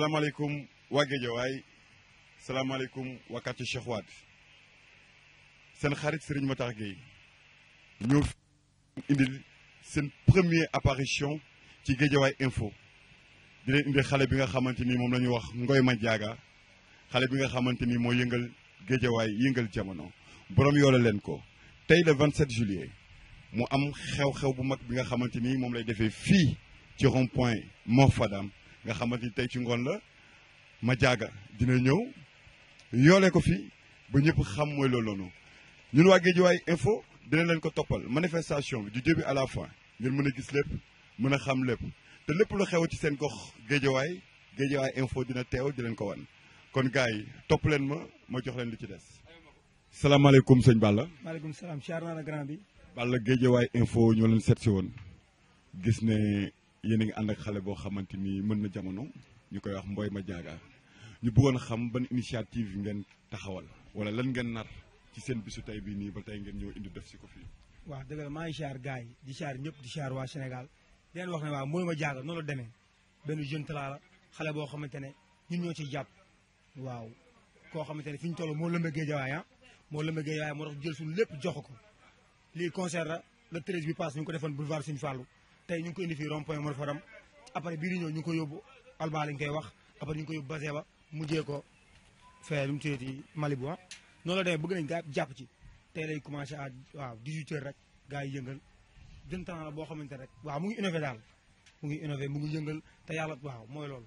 wa waa Géejawaay salaamaaleykum wa quartier Cheikh Wade Sen xarit Serigne Matar Gueye ñoo indil seen première apparition ci Géejawaay info di leen indi xalé bi nga xamanteni mom moom wax Ngoy Madiaga Xalé bi nga xamanteni mo yëngal Géejawaay yëngal jamono borom yoola len ko Tay le 27 juillet mu am xew-xew bu mag bi nga xamanteni mom lay défé fi ci rond point mofadam. nga xamante ni tey ci ngoon la ma jaaga dina ñëw yoole ko fi ba ñëpp xam mooy loolu noonu ñun waa Guédiawaye info dina leen ko toppal manifestation bi du début à la fin ngeen mën a gis lépp mën a xam lépp te lépp lu xew ci seen gox Guédiawaye Guédiawaye info dina teew di leen ko wan kon gars yi topp leen ma ma jox leen li ci des. salaamaaleykum sëñ Balla. maaleykum salaam. Balla Guédiawaye info ñoo leen seet si woon gis ne. yéen a ngi ànd ak xale boo xamante ni mën na jamono ñu koy wax Mboye Madiaga ñu bëggoon xam ban initiative ngeen taxawal wala lan ngeen nar ci seen bisu tey bii nii ba tey ngeen ñëw indi def si ko fii. waaw dëgg la maa ngi siyaar gars yi di siyaar ñëpp di siyaar waa Sénégal di wax ne waaw Mboye Madiaga noonu la demee benn jeune talaa xale boo xamante ne ñun ñoo ciy jàpp waaw koo xamante ne fi ñu toll moo lëmbe géejawaay ah moo lëmbe géejawaay moo tax jël suñu lépp jox ko lii concert la le treize bi ko defoon boulevard Sine Fallou tey ñu ngi ko indi fii rond point Mor Fadam après bii di ñëw ñu ngi ko yóbbu Alba lañ koy wax après ñu ngi ko yóbbu Basé ba mujjee ko fee lu mu tuddati Malibu ah noonu la demee bëgg nañ gaa jàpp ci tey lay commencé à waaw 18 rek gaa yi yëngal jën temps la boo xamante rek waaw mu ngi innové daal mu ngi innové mu ngi yëngal te yàlla waaw mooy loolu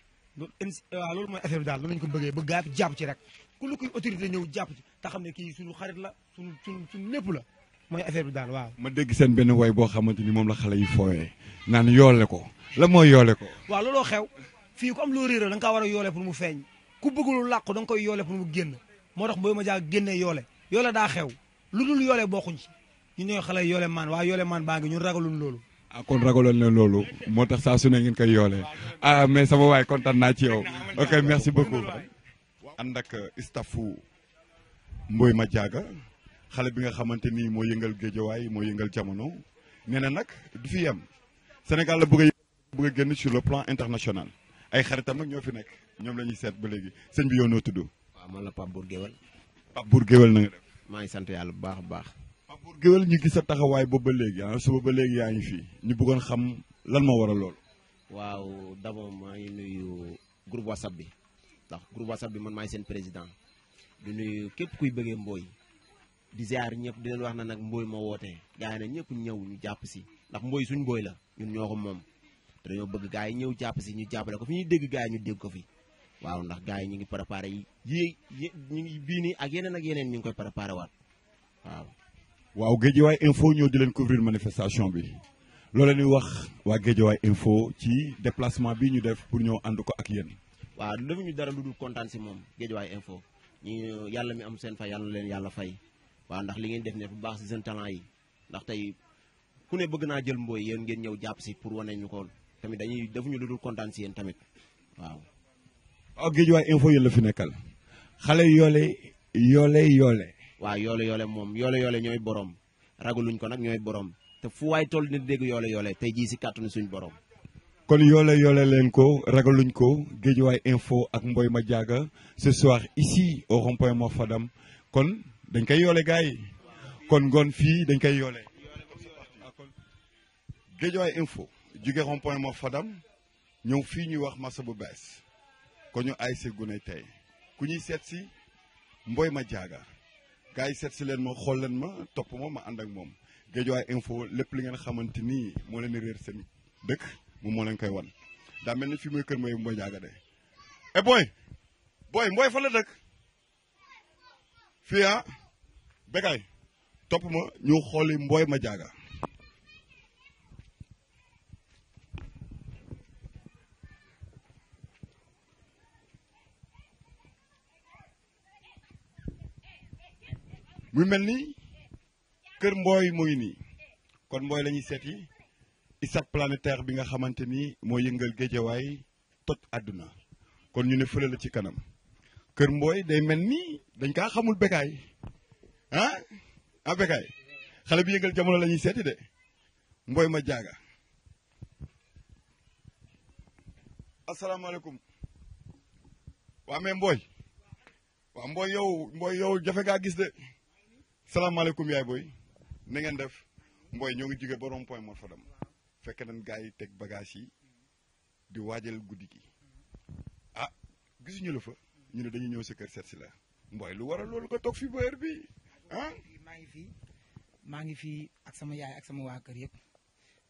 waaw loolu mooy affaire bi daal noonu lañu ko bëggee bëggaat jàpp ci rek ku lu koy autorité ñëw jàpp ci te xam ne kii suñu xarit la suñu suñu lépp la mooy affaire bi daal waaw. ma dégg seen benn woy boo xamante ni moom la xale yi fooyee naan yoole ko la mooy yoole ko. waaw looloo xew fii kom loo réeral da nga kaa war a yoole pour mu feeñ ku bëggul làqu da koy yoole pour mu génn moo tax booy ma jaa génnee yoole yoole daa xew lu dul yoole bokkuñ ci ñun ñooy xale yoole maan waaye yoole maan baa ngi ñun ragaluñ loolu ah kon ragaloon na loolu moo tax saa su ne ngeen koy yoolee ah mais sama waay kontaan naa ci yow ok merci beaucoup ànd ak euh, staffu ma Madiaga xale bi nga xamante ni moo yëngal géejawaay moo yëngal jamono nee na nag du fi yem Sénégal la bëgg a génn sur le plan international ay xaritam nag ñoo fi nekk ñoom la ñuy seet ba léegi sëñ bi yow noo tudd. waaw man la Pape Bourguewal. Pape Bourguewal na nga maa ngi sant yàlla bu baax a baax. pour géwél ñu gis sa taxawaay boobu ba léegi ah suba ba léegi yaa ngi fi ñu bëggoon xam lan moo waral loolu. waaw d'abord maa ngi nuyu groupe whatsapp bi ndax groupe whatsapp bi man maay seen président di nuyu képp kuy bëggee mbooy di ziar ñëpp di leen wax na nag mbooy moo wootee gars yi na ñëpp ñëw ñu jàpp si ndax mbooy suñ mbooy la ñun ñoo ko moom te dañoo bëgg gars yi ñëw jàpp si ñu jàppale ko fi ñuy dégg gaa yi ñu dégg ko fi waaw ndax gaa yi ñu ngi préparé yi yi ñu ngi bii nii ak yeneen ak yeneen ñu ngi koy préparé waat waaw waaw Guédiawaye info ñëw di leen couvrir manifestation bi loolu la ñuy wax waa Guédiawaye info ci déplacement bi ñu def pour ñëw ànd ko ak yéen. waaw ñu dara lu dul kontaan si moom Guédiawaye info ñu yàlla mi am seen fay yàlla leen yàlla fay waaw ndax li ngeen def ne bu baax si seen talent yi ndax tey ku ne bëgg naa jël mbooy yéen ngeen ñëw jàpp si pour wane ñu ko tamit dañuy defuñu lu dul kontaan si yéen tamit waaw. waaw info yéen la fi nekkal xale yoole yoole waaw yoole yoole moom yoole yoole ñooy borom ragaluñ ko nag ñooy boroom te fu waay toll ni dégg yoole yoole tey jii si kàttanu suñ borom. kon yoole yoole leen ko ragaluñ ko Guédiawaye info ak ma Madiaga ce soir ici au rond-point Morfadam kon dañ koy yoole gars yi kon ngoon fii dañ koy yoole. Guédiawaye info jóge rond-point Morfadam ñëw fii ñuy wax masa bu bees ko ñu ay si gune tey ku ñuy seet si mboy ma Madiaga gars yi seet si leen ma xool leen ma topp ma ma ànd ak moom Guédiawaye info lépp li ngeen xamante ni moo leen di réer seen dëkk moom moo leen koy wan daa mel fii mooy kër mooy Mboye Ndiaga de e eh, booy booy Mboye fa la dëkk fii ah Bécaye topp ma ñu xooli mbooy ma Ndiaga mu mel ni kër mbooy mooy nii kon mbooy lañuy ñuy seeti ISAC planétaire bi nga xamante ni moo yëngal géejawaay toj àdduna kon ñu ne fële ci kanam kër mbooy day mel ni dañ kaa xamul bekaay ah ah bekaay xale bi yëngal jamono lañuy ñuy seeti de mbooy ma jaaga asalaamaaleykum waa mais mbooy waa mbooy yow mbooy yow jafe ngaa gis de salaamaaleykum yaay boy, ni ngeen def mbooy ñoo ngi jige borom point mo fa dem fekk nañ gaay tek bagage yi di wajjal guddigi ah gisuñu la fa ñu ne dañu ñew sa kër setti la lu waral loolu ko tok fi ba bi ah ma ngi fi ma ngi fi ak sama yaay ak sama kër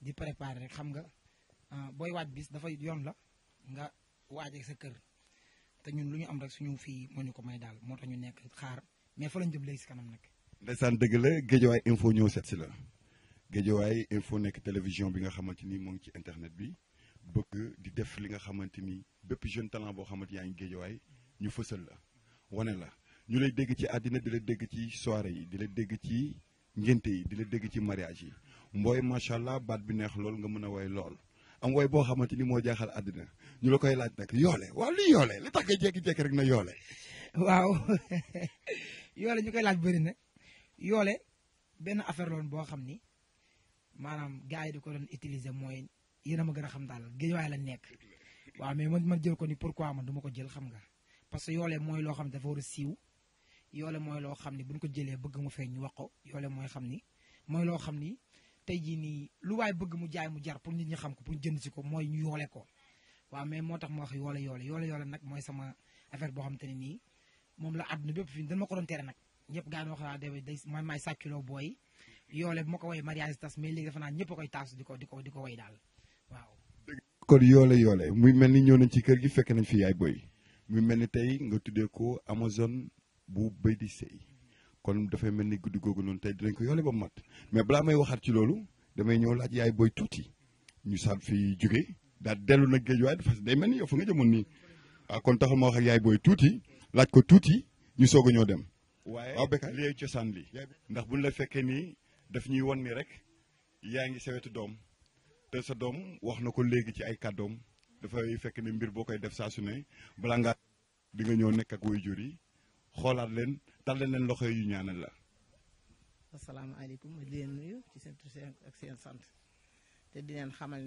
di préparer rek xam nga ah, boy bis dafa yoon la nga waajee sa kër te ñun lu ñu am rek suñu fi moo ñu ko may dal moo tax ñu nekk xaar mais fa lañ jëm lay kanam nak ndeysaan dëgg la Géejawaay info ñëw seet si la Géejawaay info nekk télévision bi nga xamante ni moo ngi ci internet bi bëgg di def li nga xamante ni bépp jeune talent boo xamante yaa ngi Géejawaay ñu fësal la wane la ñu lay dégg ci àddina di la dégg ci soirée yi di la dégg ci ngénte yi di la dégg ci mariage yi mbooy macha allah baat bi neex lool nga mën a woy lool am woy boo xamante ni moo jaaxal àddina ñu la koy laaj nag yoole waaw li yoole li tax nga jékki-jékki rek na yoole na yoole benn affaire loon boo xam ni maanaam gars yi di ko doon utiliser mooy yéen a ma gën a xam daal géejawaay la nekk waaw mais man ma jël ko ni pourquoi man du ma ko jël xam nga parce que yoole mooy loo xam ne dafa war a siiw yoole mooy loo xam ni buñ ko jëlee bëgg mu feeñ ñu wax ko yoole mooy xam ni mooy loo xam ni tey jii nii lu waay bëgg mu jaay mu jar pour nit ñi xam ko pour jënd si ko mooy ñu yoole ko waaw mais moo tax ma wax yoole yoole yoole yoole nag mooy sama affaire boo xam te nii moom la àdduna bépp fi dañ ma ko doon teere nag ñëpp gaa wax doon xalaat day man maay sàcculoo booy yoole bu ma ko woy mariage tas mais léegi dafa naa ñëpp a koy taas di ko di ko di ko woy daal waaw. kon yoole yoole muy mel ni ñëw nañ ci kër gi fekk nañ fi yaay boy muy mel ni tey nga tuddee ko Amazon bu béy di sëy kon dafay mel ni guddi googu noonu tey dinañ ko yoole ba mat mais balaa may waxaat ci loolu damay ñëw laaj yaay boy tuuti ñu saat fi jóge daal dellu nag géej waaye dafa day mel ni yow fa nga jëmoon nii. Ah, kon taxul ma yaay boy tuuti laaj ko tuuti ñu soog a ñoo dem. waaye li yow cosaan li ndax buñ la fekkee nii daf ñuy won ni rek yaa ngi sa wetu te sa dom wax na ko léegi ci ay Da dafay fekk ne mbir boo koy def saa su ne balaa di nga ñëw nekk ak waajur yi leen tal leen loxo yu ñaanal la leen nuyu ci seen ak seen sant te di leen xamal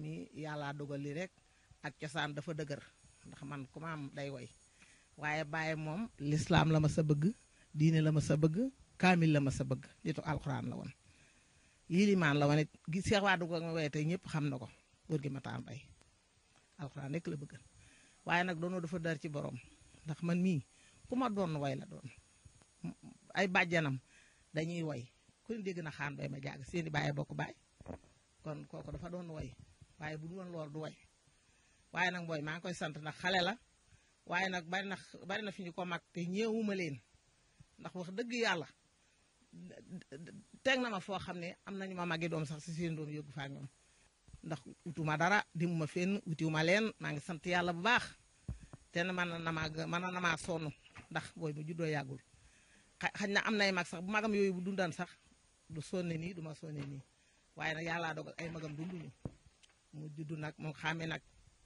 mi yàllaa dogal li rek ak cosaan dafa dëgër ndax man am day waaye bàyyi moom lislaam la ma sa bëgg diine la ma sa bëgg kaamil la ma sa bëgg nitu alxuraan la woon lii limaan la woon it gi Cheikh Wade ko ma waaye tey ñëpp xam na ko góor gi Matar Mbaye alxuraan rek la bëgg nag doonoo dafa dar ci borom ndax man mii ku ma doon way la doon ay bàjjanam dañuy woy ku ne dégg na xaan bay ma jàgg seeni i bàyyi bokk baay kon kooku dafa doon woy waaye bu du woon loolu du woy waaye nag booy maa ngi koy sant nag xale la waye nak bari na bari na fiñu ko mak te ñewuma leen ndax wax deug yalla tek na ma fo xamne ne am nañu ma magi doom sax ci seen doom yóbbu fa ñoom ndax utuma dara dimuma fenn utiwuma leen ma ngi sant yalla bu baax te man na maa man na ma sonu ndax boy bu juddo yagul xañ na am nay mag sax bu magam yoyu bu dundan sax du sonne ni du ma sonne nii waaye nag dogal ay magam dunduñu mu juddu nak mu xame nak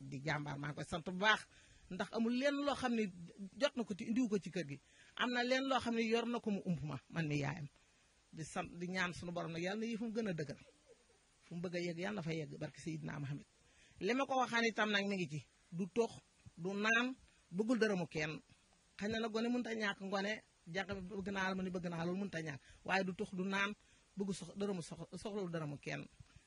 di jàmbaar ma ko sant bu baax ndax amul lenn loo xam ne jot na ko ci indiw ko ci kër gi am na lenn loo xam ne yor na ko mu ump ma man mi yaayam di sant di ñaan sunu borom nag yàlla na yi fu mu gën a dëgër fu mu bëgg a yegg yàlla na fa yegg barke sayidina Muhammad li ma ko waxaan itam nag mi ngi ci du tox du naan bëggul dërëmu kenn xëy na nag gone mënut ñàkk ngone jànq bëgg naa la ma ni bëgg naa loolu mënut ñàkk waaye du tox du naan bëgg sox dërëmu sox soxlawu dërëmu kenn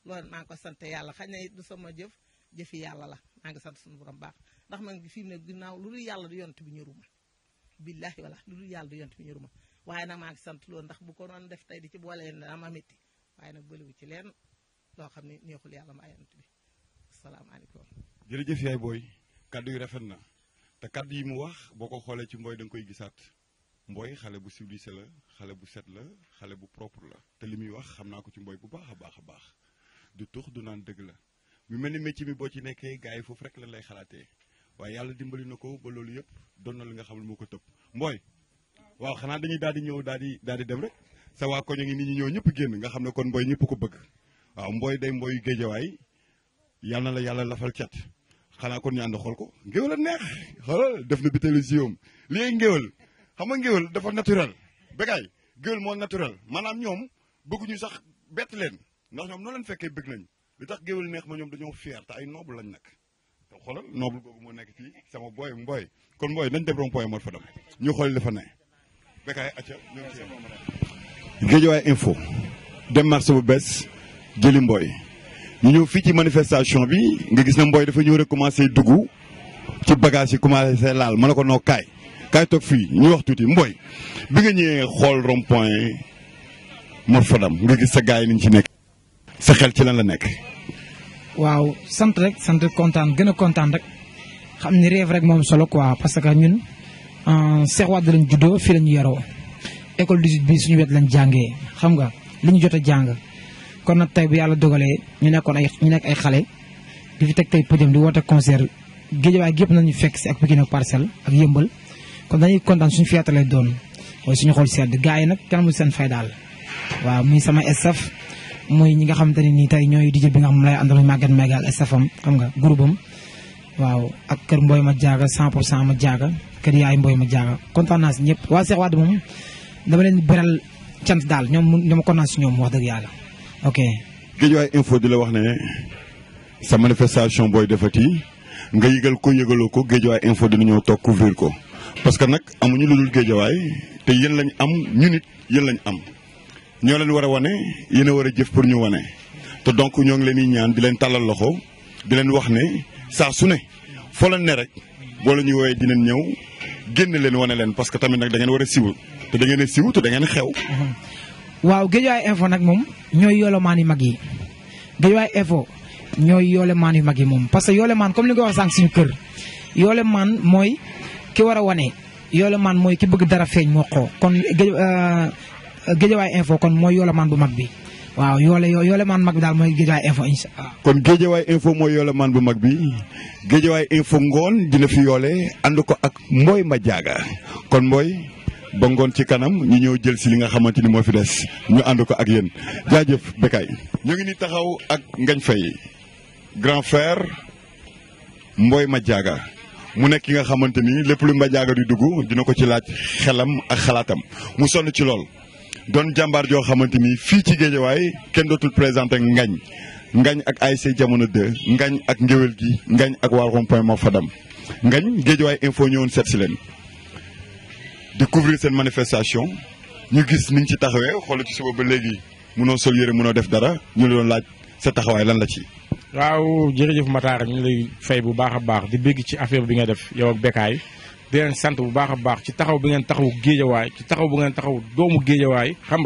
loolu maa ngi ko sant yàlla xëy na du sama jëf jëfi yàlla la maa ngi sant sunu borom baax ndax ngi fi ne ginnaw lu dul yàlla du yont bi ñëruma billahi wala lu dul yàlla du yont bi ñëruma waye nak ma ngi sant loolu ndax bu ko non def tay di ci boole leen dana ma métti waaye nag bëliwu ci leen lo xamni ne neexul yàlla ma ayant bi asalaamaaleykum jërëjëf yaay boy kaddu yu rafet na te kaddu yi mu wax boko xolé ci mboy dang koy gisat mboy xalé bu civilisé la xalé bu set la xalé bu propre la te limi wax xamna ko ci mboy bu baaxa baaxa baax du tux du nan deug la mu melni metti mi bo ci nekké gaay fofu rek la lay xalaté waaye yàlla dimbali na ko ba loolu yëpp doon na li nga xam ne moo ko tëb mbooy waaw xanaa dañuy daal di ñëw daal di daal di dem rek sa waa koñ a ngi nit ñu ñëw ñëpp génn nga xam ne kon mbooy ñëpp ko bëgg waaw mbooy day mbooyu géejawaay yal na la yàlla lafal cat xanaa kon ñu ànd xool ko ngéwél a neex xoolal def na bitéelu siom lii ngéwél xam nga ngéwél dafa naturel bégaay géwél moo naturel maanaam ñoom bëgguñu sax bett leen ndax ñoom noo leen fekkee bëgg nañ li tax géwél neex ma ñoom dañoo fier ay noobu lañ nag xolal noble googu mo nek fi sama boy booy mbooy kon mbooy nañ dem rond-point moo fa dem ñu xol li fa ne Bécaye acca ñëw ci Guédiawaye info dem marché bu bess jëli mbooy ñu ñëw fii ci manifestation bi nga gis na mbooy dafa ñëw recommencer duggu ci bagage yi commencé laal ma ne ko noo kaay kaay toog fii ñu wax tuuti mbooy bi nga ñëwee xol rond-point Mor Fadam nga gis sa gaay yi niñ ci nekk sa xel ci lan la nekk waaw sant rek sant kontaan gën a kontaan rek xam ni rêve rek moom solo quoi parce que ñun Cheikh Wade lañ juddoo fii lañu yaroo école du sud bi suñu wet lañ jàngee xam nga li ñu jot a jàng kon nag tey bu yàlla dogalee ñu nekkoon ay ñu nekk ay xale di fi teg tey pëjam di woote concert géejawaay gépp nañu fekk si ak Pikine ak Parcelles ak yëmbal kon dañuy kontaan suñu fiyaatalee doon mooy suñu xool sedd gars yi nag kenn mu seen fay daal waaw muy sama staff mooy ñi nga xamante ne nii tey ñooy DJ bi nga xam lay àndal Maguette Mega ak safam xam nga groupe bam waaw ak kër Mboy ma jaaga 100 pour cent ma jaaga kër yaay mbooy ma jaaga kontaan naa si ñëpp waa Cheikh Wade moom dama leen beral cant daal ñoom ñoom kontaan si ñoom wax dëgg yàlla ok. Guédiawaye info di la wax ne sa manifestation booy defati nga yëgal ko yëgaloo ko Guédiawaye info dina ñëw toog couvrir ko parce que nag amuñu lu dul Guédiawaye te yéen lañ am ñu nit yéen lañ am. ñoo leen war a wane yéen jëf pour ñu wone te donc ñoo ngi leen di ñaan di leen talal loxo di leen wax ne sa su ne foo leen ne rek bo la woy di dinañ ñew genn leen wone leen parce que tamit nak da ngeen wara siwu te da ngeen siwu te da ngeen xew. waaw ay info mom ñoy yolo man yu mag yi ay info ñooy man yu mag yi parce que man comme li nga wax sank suñu kër man moy ki wara wone wane man moy ki bëgg dara feñ mo xoo kon euh, géejawaay info kon mooy yola man bu mag bi waaw yoole yoole man mag bi daal mooy info kon géejawaay info mooy yoole man bu mag bi hmm. géejawaay info ngoon dina fi yoole ànd ak mbooy ma kon moy ba ngoon ci kanam ñu ñëw jël si li nga xamante ni moo fi des ñu ànd ak yéen jaajëf ñu ngi ni taxaw ak grand frère Mboye majaga, mu nekk ki nga xamante ni lépp lu Madiaga di dugg dina ko ci laaj xelam ak xalaatam mu sonn ci doon jàmbaar joo xamante ni fii ci géejawaay kenn dootul présenté ngañ ngañ ak ASC jamono 2 ngañ ak ngéwél gi ngañ ak waa rond-point moo fadam ngañ géejawaay info ñëwoon set si leen di couvrir seen manifestation ñu gis ni ñu ci taxawee xool ci suba ba léegi mënoo sol yére mënoo def dara ñu la doon laaj sa taxawaay lan la ci waaw jërëjëf Matar ñu lay fay bu baax a baax di bégg ci affaire bi nga def yow ak Bécaye di leen sant bu baax a baax ci taxaw bi ngeen taxaw géejawaay ci taxaw bu ngeen taxaw doomu géejawaay xam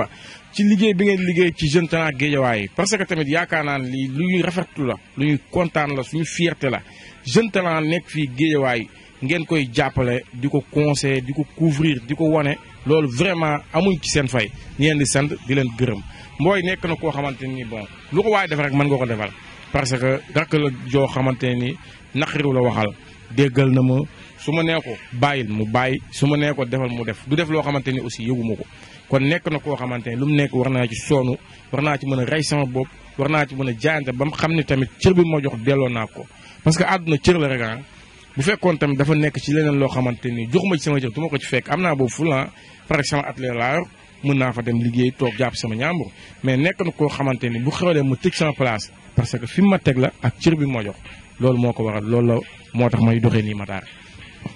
ci liggéey bi ngeen liggéey ci jeune talent géejawaay parce que tamit yaakaar naa lii lu ñuy rafetu la lu ñuy kontaan la suñu fierté la jeune talent nekk fii géejawaay ngeen koy jàppale di ko conseiller di ko couvrir di ko wane loolu vraiment amuñ ci seen fay ngeen di sant di leen gërëm mbooy nekk na koo xamante nii bon lu ko waaye def rek mën nga ko defal parce que rakk la joo xamante ni naqariw la waxal déggal na ma su ma nee ko bàyyil mu bàyyi su ma nee ko defal mu def du def loo xamante ni aussi yëguma ko kon nekk na koo xamante ni lu mu nekk war naa ci soonu war naa ci mën a rey sama bopp war naa ci mën a jaayante ba mu xam ne tamit cër bi ma jox delloo naa ko parce que àdduna cër la rek ah bu fekkoon tamit dafa nekk ci leneen loo xamante ni jox ma ci sama cër du ma ko ci fekk am naa boobu fulan ah par exemple atelier laa yor mën naa fa dem liggéey toog jàpp sama ñaambur mais nekk na koo xamante ni bu xewlee mu tëj sama place parce que fi mu ma teg la ak cër bi ma jox loolu moo ko waral loolu la moo tax may doxee nii ma taar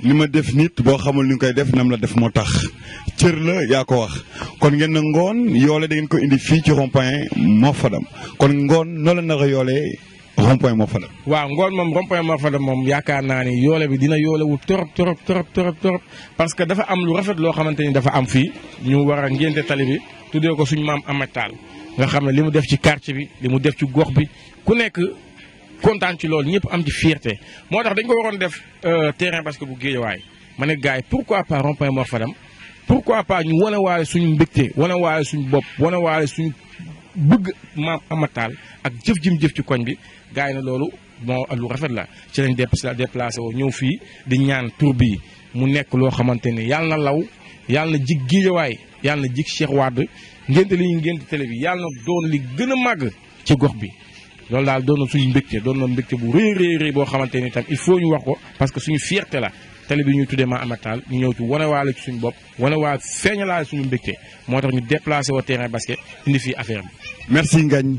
li ma def nit boo xamul ni nga koy def nam la def moo tax cër la yaa ko wax kon ngeen na ngoon yoole da ko indi fii ci rond-point Mofadam kon ngoon noo la nar a yoolee rond-point Mofadam waaw ngoon moom rond-point Mofadam moom yaakaar naa ni yoole bi dina yoole wu torop torop torop torop torop parce que dafa am lu rafet loo xamante ni dafa am fii ñu war a ngénte tali bi tuddee ko suñu maam Amath Tall nga xam ne li mu def ci quartier bi li mu def ci gox bi kontaan ci lool ñepp am ci fierté moo tax dañ ko waroon def euh terrain parce que bu Guédiawaye ma ne gars pourquoi pas rond-point Mor pourquoi pas ñu wane waale suñu mbégte wane waale suñu bop wane waale suñu bëgg maam amataal ak jëf jim jëf ci koñ bi gaay na loolu moo lu rafet la ci lañ déplacer wo ñëw fi di ñaan tour bi mu nekk lo xamanteni ni na law yàlla na jig Guédiawaye yàlla na jig Cheikh wad ngénte li ñu ngénte télé bi yàlla na doon li gëna mag ci gox bi loolu dal doon na suñu mbégte doon na mbégte bu rëy rëy rëy bo xamanteni tam il faut ñu wax ko parce que suñu fierté la télé bi ñu tuddee ma amatal ñu ñëw ci woné wanewaale ci suñu bop woné wanewaal feeñalaale suñu mbégte motax ñu déplacer wa terrain basket indi fi affaire bi. merci Ngagne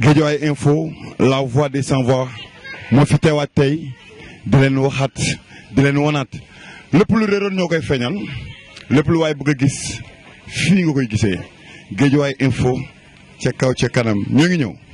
Guédiawaye info la voix des sans voix mo fi teewaat tay di leen waxat di leen wonat lepp lu réeroon ñoo koy lepp lu way bëgg gis fi nga koy gisee Guédiawaye info ci kaw ci kanam ñoo ngi ñëw.